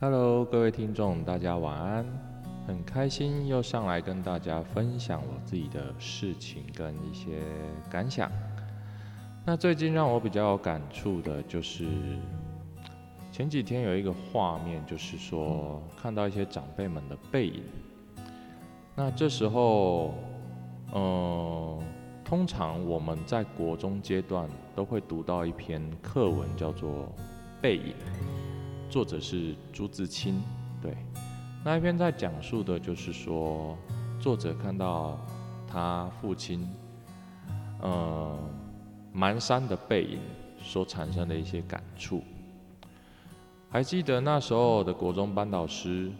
Hello，各位聽眾，大家晚安。很開心又上來跟大家分享我自己的事情跟一些感想。那最近讓我比較有感觸的就是，前幾天有一個畫面，就是說看到一些長輩們的背影。那這時候，嗯、呃，通常我們在國中階段都會讀到一篇課文，叫做《背影》。作者是朱自清，對，那一篇在講述的就是說，作者看到他父親，呃、嗯，蹣跚的背影所產生的一些感觸。還記得那時候的國中班導師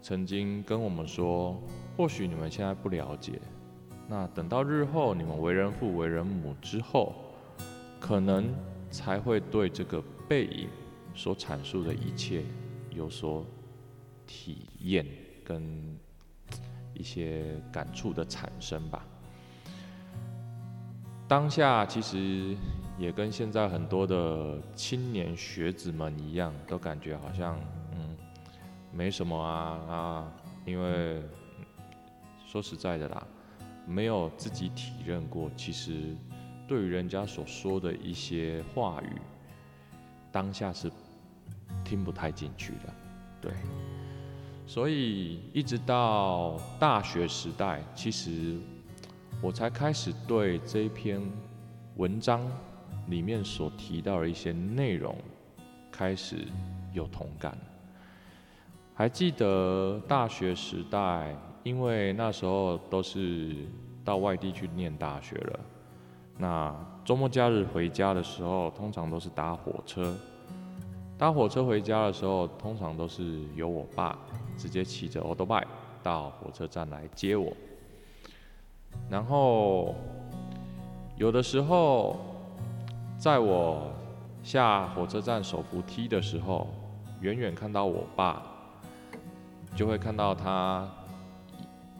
曾經跟我們說，或許你們現在不了解，那等到日後你們為人父、為人母之後，可能才會對這個背影。所闡述的一切，有所體驗跟一些感觸的產生吧。當下其實也跟現在很多的青年學子們一樣，都感覺好像嗯沒什麼啊啊，因為說實在的啦，沒有自己體驗過，其實對於人家所說的一些話語。當下是聽不太進去的，對，所以一直到大學時代，其實我才開始對這一篇文章裡面所提到的一些內容開始有同感。還記得大學時代，因為那時候都是到外地去念大學了，那周末假日回家的時候，通常都是搭火車。搭火車回家的時候，通常都是由我爸直接騎着 Autobike 到火車站來接我。然後，有的時候，在我下火車站手扶梯的時候，遠遠看到我爸，就會看到他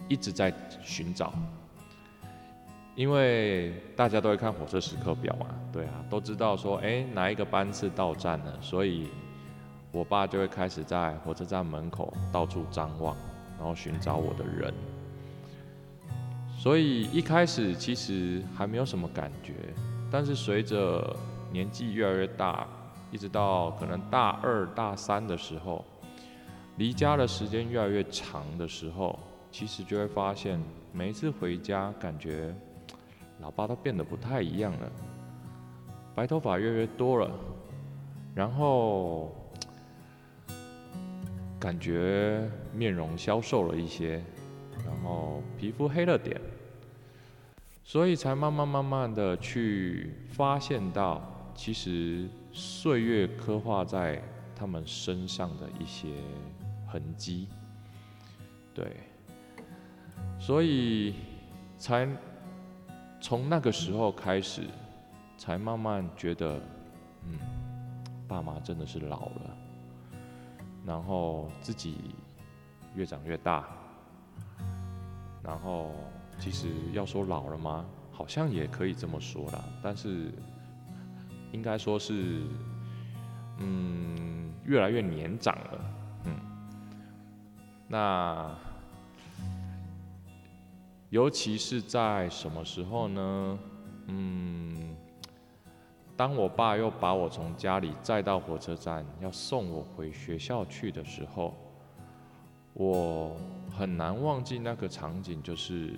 一直在尋找。因為大家都會看火車時刻表啊，對啊，都知道說，哎，哪一個班次到站了，所以我爸就會開始在火車站門口到處張望，然後尋找我的人。所以一開始其實還沒有什麼感覺，但是隨着年紀越來越大，一直到可能大二、大三的時候，離家的時間越來越長的時候，其實就會發現，每一次回家感覺。老爸都變得不太一樣了，白頭髮越來越多了，然後感覺面容消瘦了一些，然後皮膚黑了點，所以才慢慢慢慢的去發現到，其實歲月刻畫在他們身上的一些痕跡，對，所以才。從那個時候開始，才慢慢覺得，嗯，爸媽真的是老了，然後自己越長越大，然後其實要說老了嗎？好像也可以這麼說啦，但是應該說是，嗯，越來越年長了，嗯，那。尤其是在什麼時候呢？嗯，當我爸又把我從家裡載到火車站，要送我回學校去的時候，我很難忘記那個場景。就是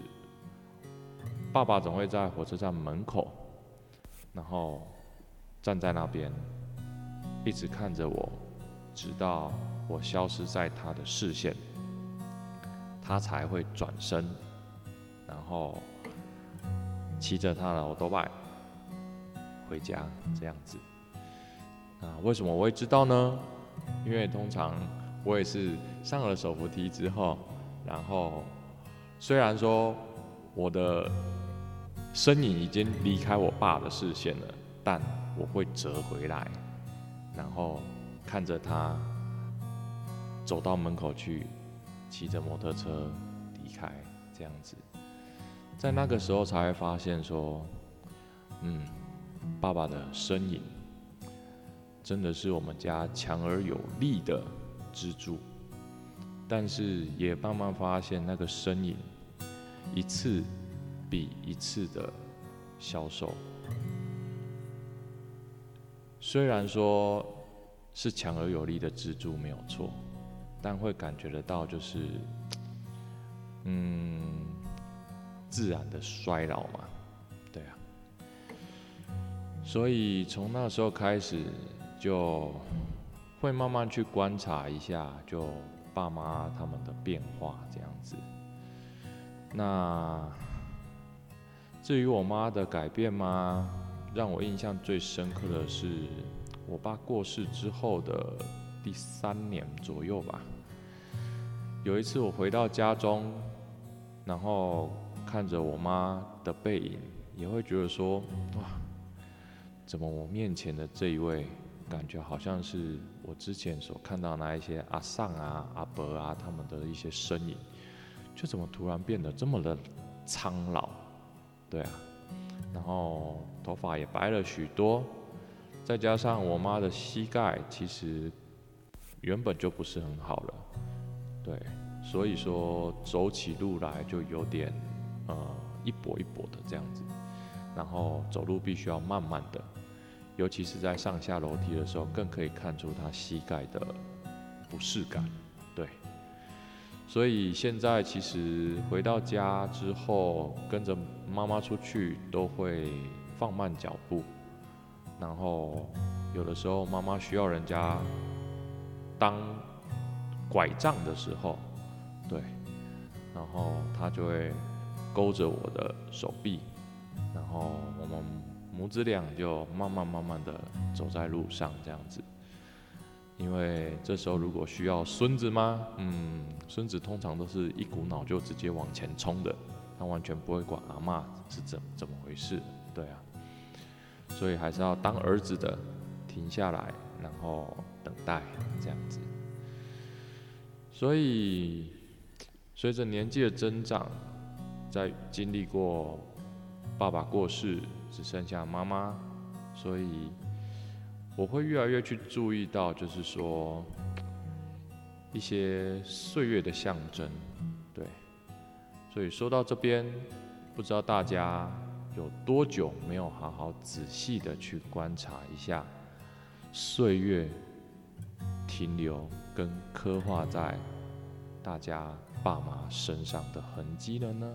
爸爸總會在火車站門口，然後站在那邊，一直看着我，直到我消失在他的視線，他才會轉身。哦，騎着他的歐都拜回家這樣子。那為什麼我會知道呢？因為通常我也是上了手扶梯之後，然後雖然說我的身影已經離開我爸的視線了，但我會折回來，然後看着他走到門口去，騎着摩托車離開這樣子。在那個時候才會發現說，嗯，爸爸的身影真的是我們家強而有力的支柱，但是也慢慢發現那個身影一次比一次的消瘦。雖然說是強而有力的支柱沒有錯，但會感覺得到就是，嗯。自然的衰老嘛，對啊。所以從那時候開始，就會慢慢去觀察一下，就爸媽他們的變化這樣子。那至於我媽的改變嗎？讓我印象最深刻的是，我爸過世之後的第三年左右吧。有一次我回到家中，然後。看着我媽的背影，也會覺得說，哇，怎麼我面前的這一位，感覺好像是我之前所看到那一些阿桑啊、阿伯啊他們的一些身影，就怎麼突然變得這麼的蒼老，對啊，然後頭髮也白了許多，再加上我媽的膝蓋其實原本就不是很好了，對，所以說走起路來就有點。呃，一跛一跛的這樣子，然後走路必須要慢慢的，尤其是在上下樓梯的時候，更可以看出他膝蓋的不適感。對，所以現在其實回到家之後，跟着媽媽出去都會放慢腳步，然後有的時候媽媽需要人家當拐杖的時候，對，然後他就會。勾着我的手臂，然後我們母子倆就慢慢慢慢的走在路上，這樣子。因為這時候如果需要孫子嗎？嗯，孫子通常都是一股腦就直接往前衝的，他完全不會管阿嬤是怎麼怎麼回事，對啊。所以還是要當兒子的停下來，然後等待這樣子。所以隨着年紀的增長。在經歷過爸爸過世，只剩下媽媽，所以我會越來越去注意到，就是說一些歲月的象徵，對。所以說到這邊，不知道大家有多久沒有好好仔細的去觀察一下歲月停留跟刻畫在大家爸媽身上的痕跡了呢？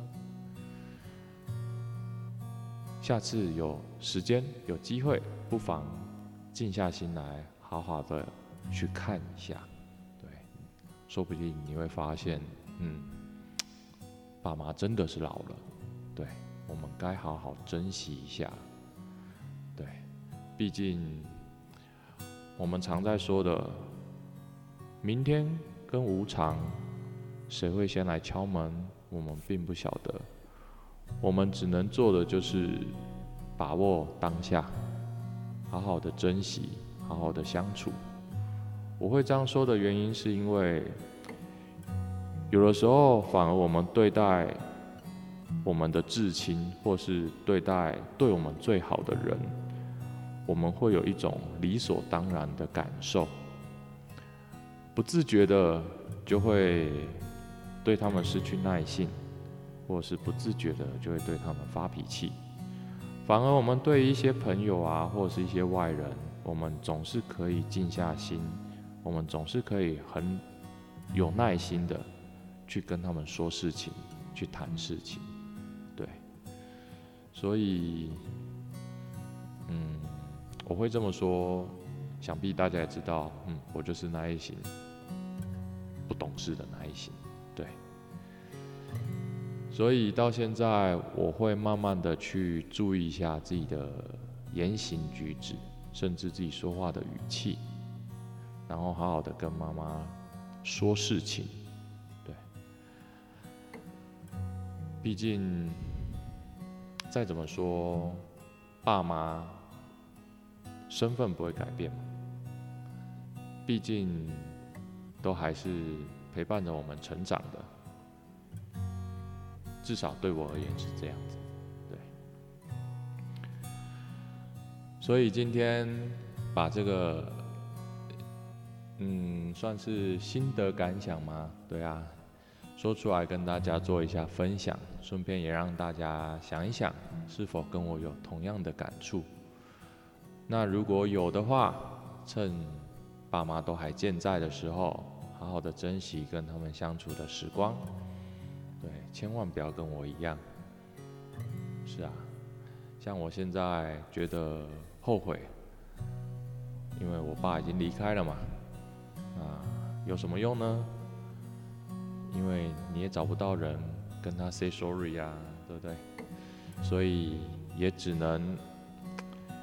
下次有時間有機會，不妨靜下心來，好好的去看一下，對，說不定你會發現，嗯，爸媽真的是老了，對，我們該好好珍惜一下，對，畢竟我們常在說的，明天跟無常，誰會先來敲門？我們並不曉得。我們只能做的就是把握當下，好好的珍惜，好好的相處。我會這樣說的原因，是因為有的時候，反而我們對待我們的至親，或是對待對我們最好的人，我們會有一種理所當然的感受，不自覺的就會對他們失去耐性。或是不自覺的就會對他們發脾氣，反而我們對一些朋友啊，或是一些外人，我們總是可以靜下心，我們總是可以很有耐心的去跟他們說事情，去談事情，對。所以，嗯，我會這麼說，想必大家也知道，嗯，我就是那一型不懂事的那一型，對。所以到現在，我會慢慢的去注意一下自己的言行舉止，甚至自己說話的語氣，然後好好的跟媽媽說事情，對。畢竟，再怎麼說，爸媽身份不會改變嘛，畢竟都還是陪伴着我們成長的。至少對我而言是這樣子，對。所以今天把這個，嗯，算是心得感想嗎？對啊，說出來跟大家做一下分享，順便也讓大家想一想，是否跟我有同樣的感觸。那如果有的話，趁爸媽都還健在的時候，好好的珍惜跟他們相處的時光。對，千萬不要跟我一樣。是啊，像我現在覺得後悔，因為我爸已經離開了嘛，啊，有什麼用呢？因為你也找不到人跟他 say sorry 呀、啊，對不對？所以也只能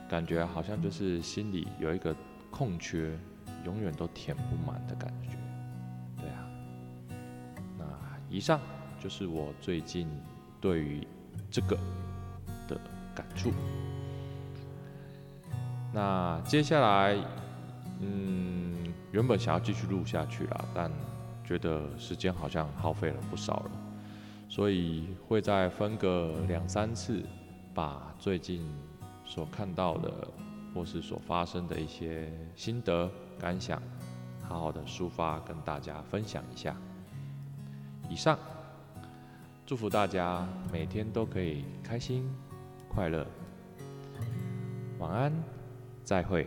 感覺好像就是心裡有一個空缺，永遠都填不滿的感覺。對啊，那以上。就是我最近對於這個的感觸。那接下來，嗯，原本想要繼續錄下去啦，但覺得時間好像耗費了不少了，所以會再分個兩三次，把最近所看到的或是所發生的一些心得感想，好好的抒發，跟大家分享一下。以上。祝福大家每天都可以開心、快樂。晚安，再會。